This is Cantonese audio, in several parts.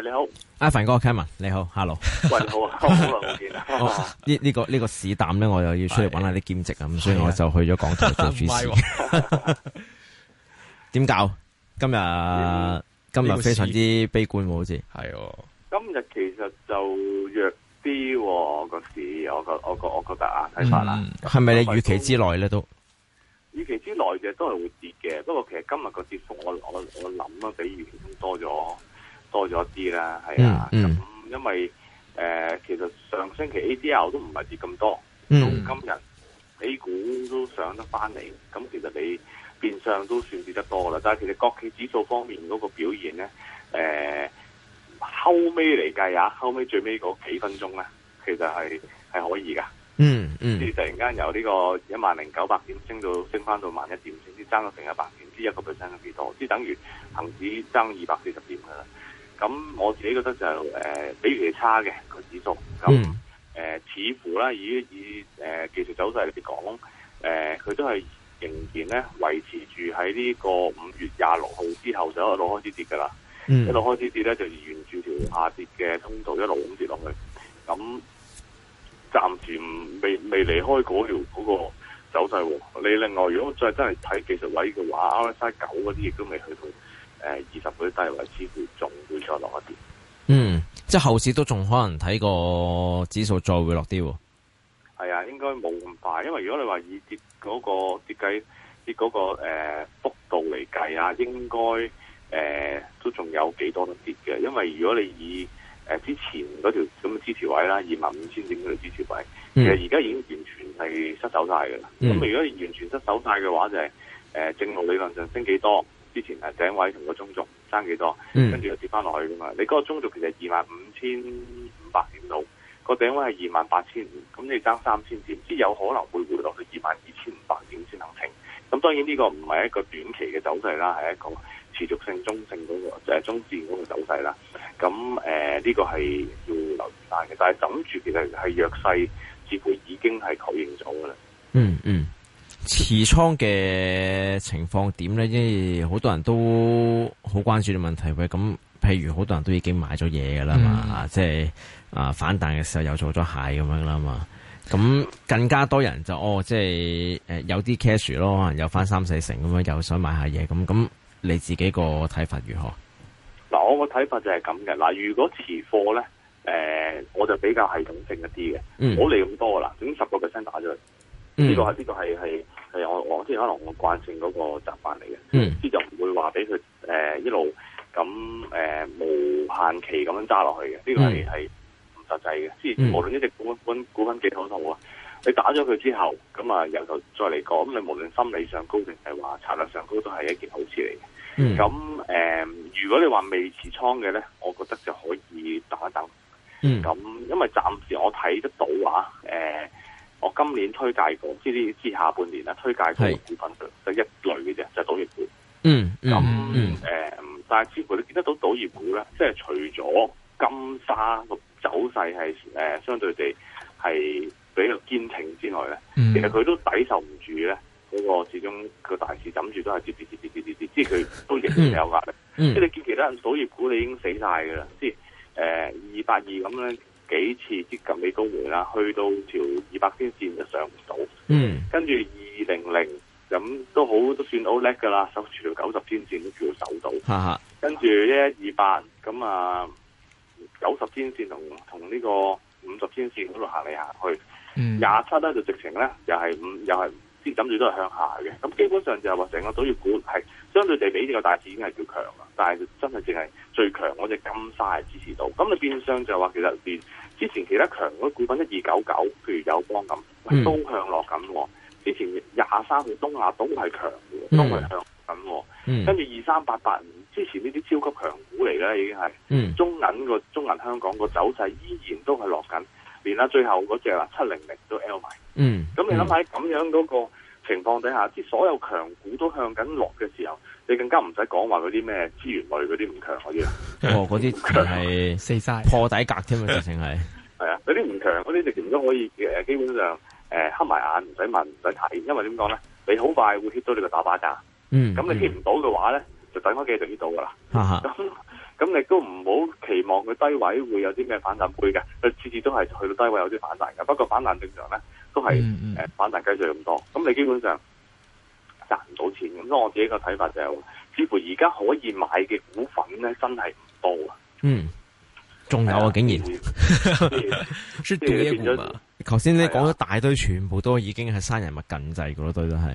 你好，阿凡哥 Kevin 你好，Hello。喂、嗯，好，好，好、 哦這個這個、啊，好耐冇見。呢呢個呢個市淡咧，我又要出嚟揾下啲兼職啊，咁所以我就去咗港台做廚師。點 搞？今日、嗯、今日非常之悲觀，好似係喎。今日其實就弱啲個、啊、市，我個我個我覺得啊，睇法啊，係、嗯、咪你預期之內咧都？預期之內嘅都係會跌嘅，不過其實今日個跌幅我我我諗啊，比預期多咗。多咗啲啦，係、嗯、啊、咁、嗯、因為誒、呃，其實上星期 A D L 都唔係跌咁多，咁今日 A 股都上得翻嚟，咁其實你變相都算跌得多啦。但係其實國企指數方面嗰個表現咧，誒後尾嚟計啊，後尾最尾嗰幾分鐘咧，其實係係可以噶嗯嗯，即係突然間由呢個一萬零九百點升到升翻到萬一點，先至爭咗成一百點，之一個 percent 都幾多，即係等於恒指爭二百四十點噶啦。咁我自己覺得就誒、是呃，比如差嘅個指數，咁誒、嗯呃、似乎咧以以誒、呃、技術走勢嚟講，誒、呃、佢都係仍然咧維持住喺呢個五月廿六號之後就一路開始跌㗎啦、嗯，一路開始跌咧就沿住條下跌嘅通道一路咁跌落去。咁暫時未未離開嗰條嗰個走勢喎。你另外如果再真係睇技術位嘅話，RSI 九嗰啲亦都未去到。誒，二十倍低位，似乎仲會再落一啲。嗯，即係後市都仲可能睇個指數再會落啲。係啊，應該冇咁快，因為如果你話以跌嗰，嗰個跌計，跌嗰，嗰個誒、嗰個呃、幅度嚟計啊，應該誒、呃、都仲有幾多得跌嘅。因為如果你以誒、呃、之前嗰條咁嘅支持位啦，二萬五千點嘅支持位，其實而家已經完全係失守晒㗎喇。咁、嗯、如果你完全失守晒嘅話，就係誒正路理論上升幾多。之前係頂位同個中軸唔爭幾多，跟住又跌翻落去噶嘛。你嗰個中軸其實二萬五千五百點到，個頂位係二萬八千五，咁你爭三千點，即有可能會回落去二萬二千五百點先肯停。咁當然呢個唔係一個短期嘅走勢啦，係一個持續性中性嗰個誒中線嗰個走勢啦。咁誒呢個係要留意翻嘅，但係諗住其實係弱勢，似乎已經係確認咗噶啦。嗯嗯。持倉嘅情況點咧？因為好多人都好關注嘅問題喂。咁譬如好多人都已經買咗嘢噶啦嘛，即係啊反彈嘅時候又做咗蟹咁樣噶啦嘛。咁更加多人就哦，即係誒有啲 cash 咯，可能有翻三四成咁樣，又想買下嘢咁。咁你自己個睇法如何？嗱，我個睇法就係咁嘅。嗱，如果持貨咧，誒、呃，我就比較系統性一啲嘅，唔、嗯、好理咁多啦。總十、個 percent 打咗去，呢、個係呢、嗯個係係。係我，我前可能我慣性嗰個習慣嚟嘅，啲、嗯、就唔會話俾佢誒一路咁誒無限期咁樣揸落去嘅，呢、嗯呢個係係唔實際嘅、嗯。即係無論一隻股股股份幾好都好啊，你打咗佢之後，咁啊由頭再嚟講咁你無論心理上高定係話策略上高都係一件好事嚟嘅。咁、嗯、誒、呃，如果你話未持倉嘅咧，我覺得就可以等一等。咁、嗯、因為暫時我睇得到啊，誒、呃。我今年推介過，即係至下半年啦，推介佢股份就是、一類嘅啫，就賭、是、業股。嗯，咁誒、嗯嗯，但係似乎你見得到賭業股咧，即係除咗金沙，個走勢係誒、呃、相對地係比較堅挺之外咧、嗯，其實佢都抵受唔住咧。呢個始終個大市枕住都係跌跌跌跌跌跌，即係佢都仍然有壓力。即係、嗯嗯、你見其他人賭業股，你已經死晒噶啦，即係誒二八二咁咧。呃幾次接近美高梅啦，去到條二百天線就上唔到，嗯，跟住二零零咁都好都算好叻㗎喇，守住條九十天線都仲要守到，嚇、啊、嚇，跟住一一二八咁啊，九十天線同同呢個五十天線嗰度行嚟行去，廿七咧就直情咧又係五又係啲諗住都係向下嘅，咁基本上就話成個賭業股係相對地比呢個大市已經係叫強啦，但係真係淨係最強嗰隻金沙係支持到，咁你變相就話其實連。之前其他強嗰股份，一二九九，譬如友邦咁、嗯，都向落緊。之前廿三嘅東亞都係強嘅、嗯，都係向緊。跟住二三八八，23885, 之前呢啲超級強股嚟咧，已經係、嗯、中銀個中銀香港個走勢依然都係落緊，連啦最後嗰隻啦七零零都 L 埋。嗯，咁你諗下咁樣嗰、嗰個。情況底下，即係所有強股都向緊落嘅時候，你更加唔使講話嗰啲咩資源類嗰啲唔強嗰啲啦。 哦，嗰啲係死晒破底格添，直情係係啊，嗰啲唔強嗰啲，直情都可以誒，基本上誒、呃、黑埋眼，唔使問，唔使睇，因為點講咧？你好快會 hit 到你個打靶價。嗯，咁你 hit 唔到嘅話咧、嗯，就等開幾日就 hit 到噶啦。吓吓，咁 咁你都唔好期望佢低位會有啲咩反彈杯嘅，佢次次都係去到低位有啲反彈嘅。不過反彈正常咧。都係誒反彈，雞碎咁多，咁你基本上賺唔到錢。咁所以我自己個睇法就係，似乎而家可以買嘅股份咧，真係唔多。嗯，仲有啊，竟然，説到呢頭先你講咗大堆，全部都已經係生人物緊掣嗰堆都係。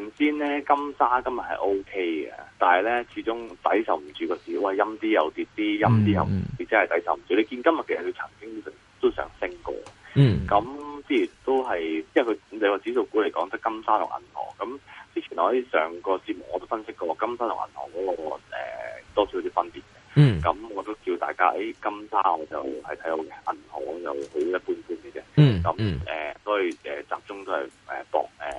先咧，金沙今日係 O K 嘅，但係咧始終抵受唔住個市，哇，陰啲又跌啲，陰啲又跌，真、mm、係 -hmm. 抵受唔住。你見今日其實佢曾經都都上升過，嗯、mm -hmm.，咁之前都係，因為佢你個指數股嚟講得金沙同銀河，咁之前我喺上個節目我都分析過，金沙同銀河嗰個誒多少有啲分別嘅，嗯、mm -hmm.，咁我都叫大家誒，金、哎、沙我就係睇好嘅，銀河就好一般般嘅啫，嗯、mm -hmm.，咁、呃、誒，所以誒、呃、集中都係誒、呃、博誒。呃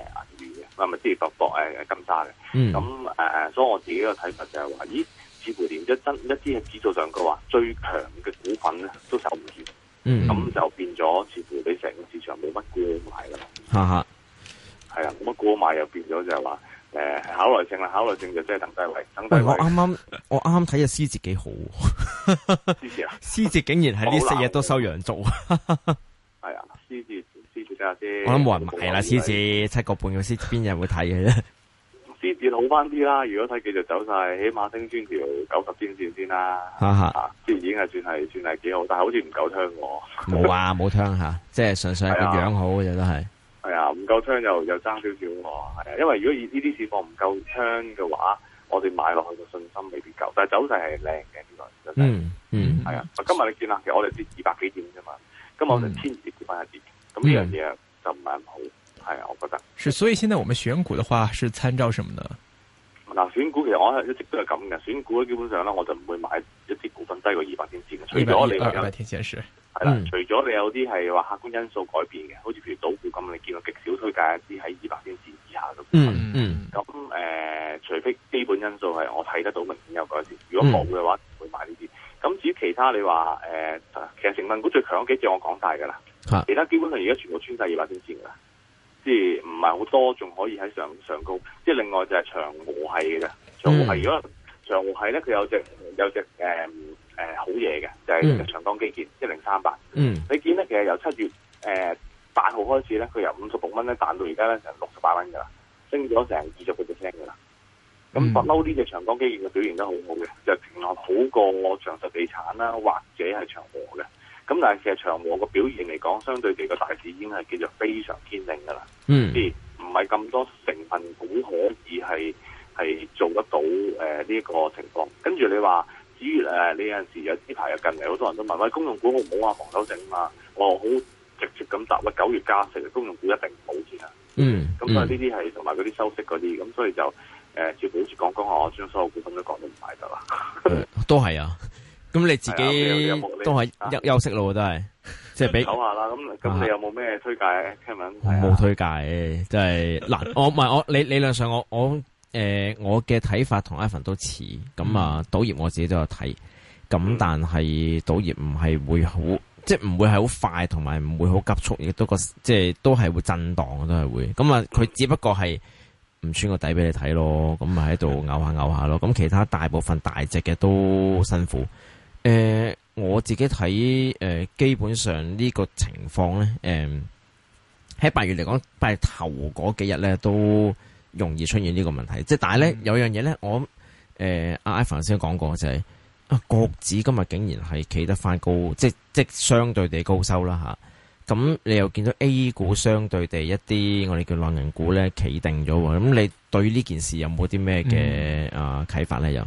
係咪即係發博誒誒金沙嘅？咁、嗯、誒、呃，所以我自己個睇法就係話，咦？似乎連一真一啲嘅指數上嘅話，最強嘅股份咧都受唔住，咁、嗯、就變咗，似乎你成個市場冇乜過買噶啦。哈哈，係啊，乜啊，過賣又變咗就係話，誒，考慮性啦，考慮性就真係等晒位，等大我啱啱 我啱啱睇下思捷幾好，思 捷啊！竟然喺呢四日都收陽燭。 我諗冇人買啦，獅子七個半個獅子邊日會睇嘅咧？獅子好翻啲啦，如果睇技術走勢，起碼升穿條九十天線先啦。吓吓、啊，即已經係算係算係幾好，、啊啊啊、 好，但係好似唔夠槍喎。冇啊，冇槍吓，即係純粹個樣好嘅啫，都係係啊，唔夠槍又又爭少少啊，因為如果呢啲市況唔夠槍嘅話，我哋買落去嘅信心未必夠，但係走勢係靚嘅呢個真。嗯嗯，係啊，今日你見啦，其實我哋跌二百幾點啫嘛，今日我哋千二跌翻一跌。嗯嗯咁呢樣嘢就唔係咁好，係、嗯、啊，我覺得。是，所以現在我們選股的話是參照什麼呢？嗱，選股其實我一直都係咁嘅，選股基本上咧我就唔會買一啲股份低過二百點線嘅，除咗你唔係二百係啦，除咗你有啲係話客觀因素改變嘅，好似譬如賭股咁，你見到極少推介一啲喺二百點線以下嘅股份。嗯嗯。咁誒、呃，除非基本因素係我睇得到明顯有改善，如果冇嘅話，唔會買呢啲。咁、嗯、至於其他你話誒、呃，其實成分股最強嗰幾隻我講大噶啦。其、啊、他基本上而家全部穿晒二百點線噶，即係唔係好多仲可以喺上上高，即係另外就係長和係嘅啫。長和係如果長和係咧，佢有隻有隻誒誒好嘢嘅，就係、是、長江基建一零三八。嗯，1038, 嗯你見咧其實由七月誒八號開始咧，佢由五十六蚊咧彈到而家咧成六十八蚊噶啦，升咗成二十幾 percent 噶啦。咁不嬲呢隻長江基建嘅表現都好好嘅，就係、是、平量好過我長實地產啦，或者係長和嘅。咁但係其實長和個表現嚟講，相對地個大市已經係叫做非常堅定噶啦，即唔係咁多成份股可以係係做得到誒呢、呃這個情況。跟住你話，至於誒有陣時有支牌有近嚟好多人都問喂公用股好唔好啊防守性啊嘛、啊，我好直接咁答喂，九、呃、月加息，公用股一定唔好錢啊。嗯，咁、嗯、所以呢啲係同埋嗰啲收息嗰啲，咁所以就誒，除非好似講講我將所有股份都講都唔買得啦。都係啊。 咁你自己都係休息咯、啊，都係即係俾下啦。咁咁，你有冇咩推介？冇、啊、推介，即係嗱，我唔係我理理論上我我誒，我嘅睇、呃、法同 Ivan 都似咁啊。賭、嗯、業我自己都有睇，咁但係賭業唔係會好，即係唔會係好快，同埋唔會好急速，亦都個即係都係會震盪，都係會咁啊。佢只不過係唔穿個底俾你睇咯，咁咪喺度咬下咬下咯。咁其他大部分大隻嘅都辛苦。誒、呃，我自己睇誒、呃，基本上呢個情況咧，誒、呃，喺八月嚟講，八月頭嗰幾日咧都容易出現呢個問題。即係，但係咧有樣嘢咧，我誒、呃、阿 Ivan 先講過就係、是，啊國指今日竟然係企得翻高，即即相對地高收啦吓。咁、啊、你又見到 A 股相對地一啲我哋叫藍人股咧企定咗喎。咁你對呢件事有冇啲咩嘅啊啟發咧又？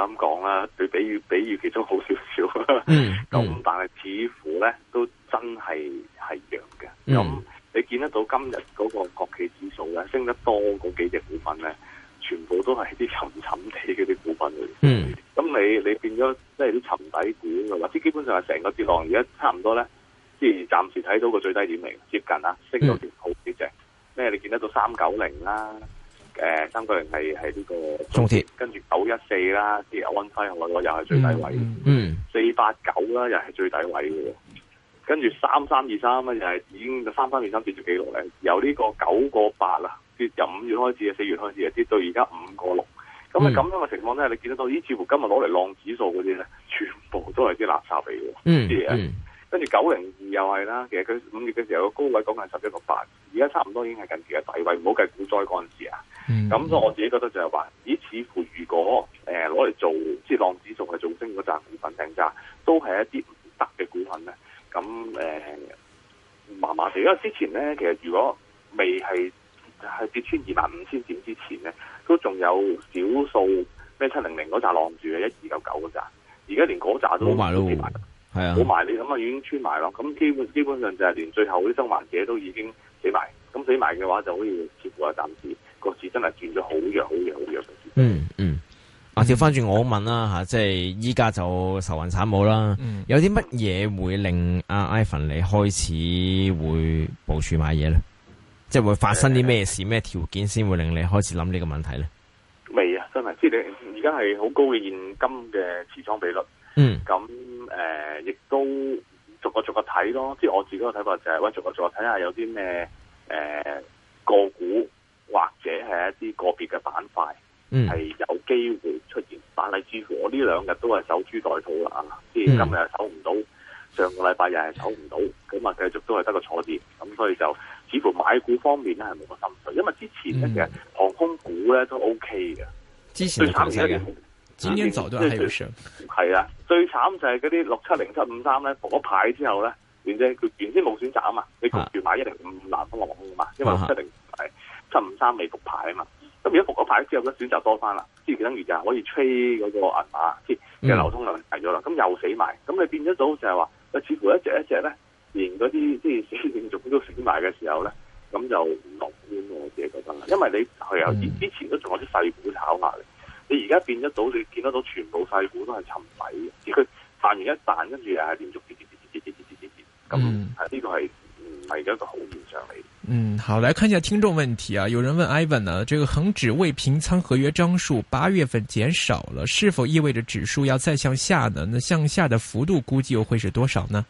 咁講啦，對比喻比喻其中好少少。咁、嗯嗯、但係似乎咧，都真係係弱嘅。咁、嗯、你見得到今日嗰個國企指數咧，升得多嗰幾隻股份咧，全部都係啲沉沉地嗰啲股份嚟。咁、嗯、你你變咗即係啲沉底股，或者基本上係成個跌浪，而家差唔多咧，即係暫時睇到個最低點嚟，接近啦，升咗啲好幾隻。咩、嗯？你見得到三九零啦？誒、呃，三個人係係呢個中鐵，鐵跟住九一四啦，啲安徽我我又係最低位，嗯，四八九啦又係最低位嘅，跟住三三二三啦又係已經三三二三跌住紀錄咧、啊，由呢個九個八啊跌由五月開始啊四月開始跌 6, 啊跌到而家五個六，咁啊咁樣嘅情況咧，你見得到，咦，似乎今日攞嚟浪指數嗰啲咧，全部都係啲垃圾嚟嘅，啲嘢、嗯。Yeah? 嗯跟住九零二又係啦，其實佢五月嘅時候個高位講緊十一個八，而家差唔多已經係近期嘅低位，唔好計股災嗰陣時啊。咁、嗯、所以我自己覺得就係話，咦？似乎如果誒，攞嚟做即係浪指仲係做升嗰扎股份定扎，都係一啲唔得嘅股份咧。咁誒，麻麻地，因為之前咧，其實如果未係係跌穿二萬五千點之前咧，都仲有少數咩七零零嗰扎浪住嘅，一二九九嗰咋。而家連嗰扎都冇埋咯。哦係啊，埋你咁啊，已經穿埋咯。咁基本基本上就係連最後啲生還者都已經死埋。咁死埋嘅話，就好似幾乎係暫時個市真係轉咗好弱、好弱、好弱嘅市。嗯嗯，啊，調翻轉我問啦吓，即係依家就愁雲慘霧啦。有啲乜嘢會令阿 Ivan 你開始會部署買嘢咧？即係會發生啲咩事？咩條件先會令你開始諗呢個問題咧？未啊，真係，即係你而家係好高嘅現金嘅持倉比率。嗯，咁。誒、嗯，亦都逐個逐個睇咯，即係我自己個睇法就係、是，逐個逐個睇下有啲咩誒個股或者係一啲個別嘅板塊係有機會出現，嗯、但係似乎我呢兩日都係守株待兔啦啊！即係今日又守唔到、嗯，上個禮拜又係守唔到，咁啊，繼續都係得個坐啲。咁所以就似乎買股方面咧係冇乜心水，因為之前咧嘅航空股咧都 OK 嘅，之前。今天早段喺度上？係啊， 最慘就係嗰啲六七零七五三咧，伏咗 牌之後咧，原先佢原先冇選擇啊嘛，啊你焗住買一零五南風落空啊嘛，因為六七零係七五三未伏牌啊嘛，咁如果伏咗牌之後咧選擇多翻啦，即係等於就可以吹 r a d e 嗰個嘅、嗯、流通量大咗啦，咁又死埋，咁你變咗到就係話，佢似乎一隻一隻咧連嗰啲即係死跌種都死埋嘅時候咧，咁就唔樂觀我自己覺得，因為你係、嗯、有之之前都仲有啲細股炒下嘅。而家變得到，你見得到全部細股都係沉底嘅，佢彈完一彈，跟住又係連續跌跌跌跌跌跌跌跌跌咁，係呢個係唔係一個好現象嚟？嗯，好，嚟，看一下聽眾問題啊！有人問 Ivan 呢，這個恒指未平倉合約張數八月份減少了，是否意味着指數要再向下呢？那向下的幅度估計又會是多少呢？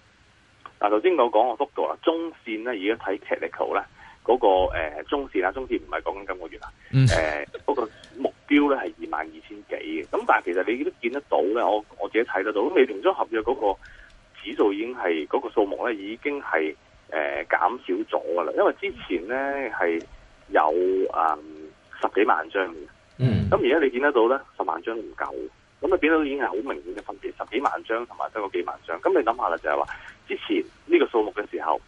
嗱，頭先我講我都講啦，中線呢已經睇 technical 啦，嗰個誒中線啊，中線唔係講緊今個月啊，誒、呃嗯、個目。 標咧係二萬二千幾嘅，咁但係其實你都見得到咧，我我自己睇得到，未平倉合約嗰個指數已經係嗰、那個數目咧已經係誒減少咗噶啦，因為之前咧係有誒十幾萬張嘅，嗯，咁而家你見得到咧十萬張唔夠，咁啊變到已經係好明顯嘅分別，十幾萬張同埋得個幾萬張，咁你諗下啦就係、是、話之前呢個數目嘅時候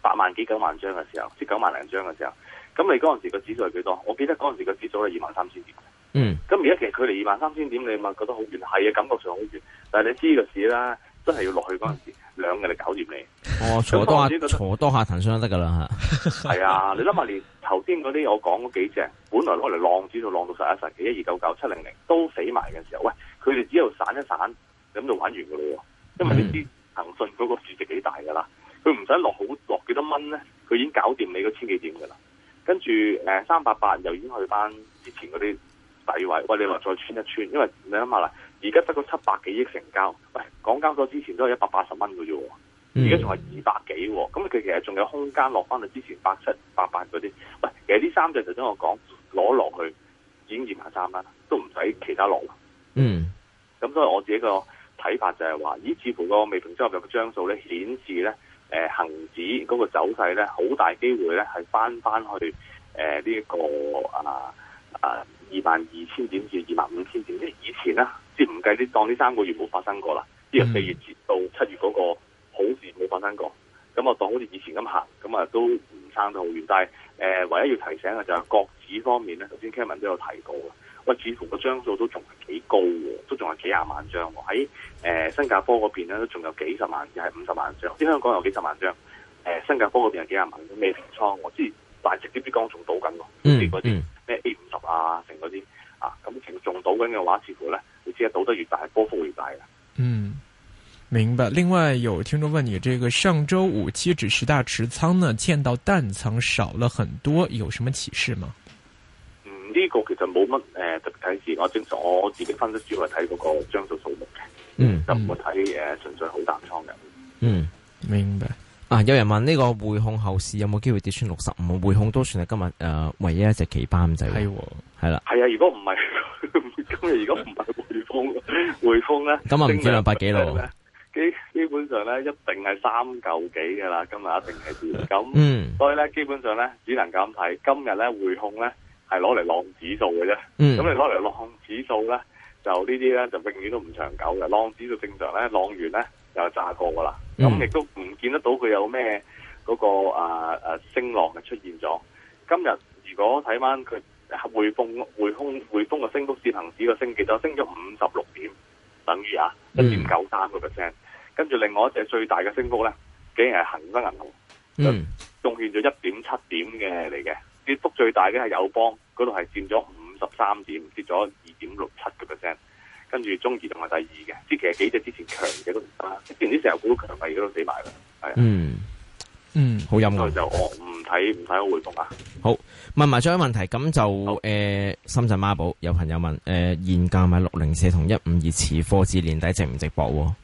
八萬幾九萬張嘅時候，即九萬零張嘅時候，咁你嗰陣時個指數係幾多少？我記得嗰陣時個指數係二萬三千幾。嗯，咁而家其實佢離二萬三千點，你咪覺得好遠？係啊，感覺上好遠。但係你知個市啦，真係要落去嗰陣時，兩日嚟搞掂你。我坐多下，坐多下騰訊都得噶啦。係啊，你諗下，連頭先嗰啲我講嗰 幾隻，本來落嚟浪子就浪到十一十嘅，一二九九、七零零都死埋嘅時候，喂，佢哋只有散一散，就咁就玩完噶啦。因為你知騰訊嗰個市值幾大噶啦，佢唔使落好落幾多蚊咧，佢已經搞掂你嗰千幾點噶啦。跟住誒，三百八又已經去翻之前嗰啲。底位，喂、 嗯嗯哎，你話再穿一穿，因為你諗下啦，而家得個七百幾億成交，喂，港交所之前都係一百八十蚊嘅啫，而家仲係二百幾，咁、嗯、佢、嗯、其實仲有空間落翻去之前百七、百八嗰啲，喂，其實呢三隻就當我講，攞落去已經二百三啦，都唔使其他落啦。嗯，咁所以我自己個睇法就係話，咦，似乎個未平倉合約嘅張數咧顯示咧，誒、呃、恒指嗰個走勢咧，好大機會咧係翻翻去誒呢、呃這個啊啊。啊二萬二千點至二萬五千點，啊，即係以前啦，即係唔計啲當呢三個月冇發生過啦。即、嗯、個四月至到七月嗰個好市冇發生過，咁我當好似以前咁行，咁啊都唔升得好遠。但係誒、呃，唯一要提醒嘅就係國指方面咧，頭先 Kevin 都有提到嘅。喂、呃，指數個張數都仲係幾高，都仲係幾廿萬張喎。喺誒、呃、新加坡嗰邊咧，都仲有幾十萬，亦係五十萬張。即香港有幾十萬張，誒、呃、新加坡嗰邊係幾廿萬都未平倉，我知。但直接啲講仲賭緊嘅，啲咩 A 五十啊，成嗰啲啊，咁其實仲賭緊嘅話，似乎咧，你知啊，賭得越大，波幅越大嘅。嗯，明白。另外有聽眾問你，這個上周五期指十大持倉呢，見到淡倉少了很多，有什麼啟示嗎？嗯，呢個其實冇乜誒特別睇字，我正常我自己分析主要睇嗰個張數數目嘅。嗯，就冇睇誒純粹好淡倉嘅。嗯，明白。啊！有人問呢個匯控後市有冇機會跌穿六十五？匯控都算係今日誒、呃、唯一一隻奇葩仔，係喎、啊，係啦，係啊！如果唔係 今日，如果唔係匯豐，匯豐咧，今日唔知兩百幾度，基基本上咧，一定係三舊幾噶啦，今日一定係跌，咁所以咧，基本上咧、嗯，只能咁睇，今日咧匯控咧係攞嚟浪指數嘅啫，咁、嗯、你攞嚟浪指數咧，就這些呢啲咧就永遠都唔長久嘅，浪指數正常咧，浪完咧。又炸過噶啦，咁亦都唔見得到佢有咩嗰、嗰個啊啊升浪嘅出現咗。今日如果睇翻佢匯豐、匯通、匯豐嘅升幅，市恒指嘅升幾多？升咗五十六點，等於啊一點九三個 percent。跟住、嗯、另外一隻最大嘅升幅咧，竟然係恒生銀行，嗯，貢獻咗一點七點嘅嚟嘅。跌幅最大嘅係友邦，嗰度係跌咗五十三點，跌咗二點六七個 percent。跟住中二同埋第二嘅，即其實幾隻之前強嘅都唔得啦，之前啲時候股強第二家都死埋啦，係啊。嗯嗯，好陰嘅就我唔睇唔睇好匯豐啊。好，問埋最後一個問題，咁就誒、呃、深圳孖寶有朋友問，誒現價買六零四同一五二持貨至年底值唔值博？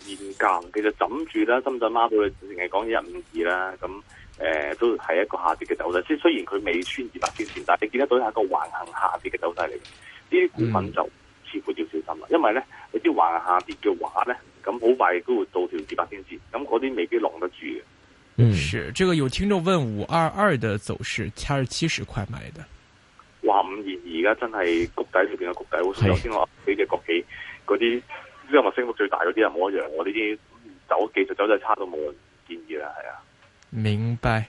現價，直直現價其實枕住啦，深圳孖寶你淨係講一五二啦，咁誒、呃、都係一個下跌嘅走勢，即係雖然佢未穿二百天線，但係你見得到係一個橫行下跌嘅走勢嚟。嘅。呢啲股份就。嗯似乎要小心啦，因為咧，你啲橫下跌嘅話咧，咁好快亦都會做條至百天線，咁嗰啲未必擋得住嘅。嗯，是，這個有聽眾問五二二嘅走勢，差二七十塊買嘅。哇！五二二而家真係谷底裏邊嘅谷底，好似頭先我俾隻國企嗰啲，因、哎、為、哎、升幅最大嗰啲又冇一樣，我呢啲走技術走真係差到冇人建議啦，係啊。明白。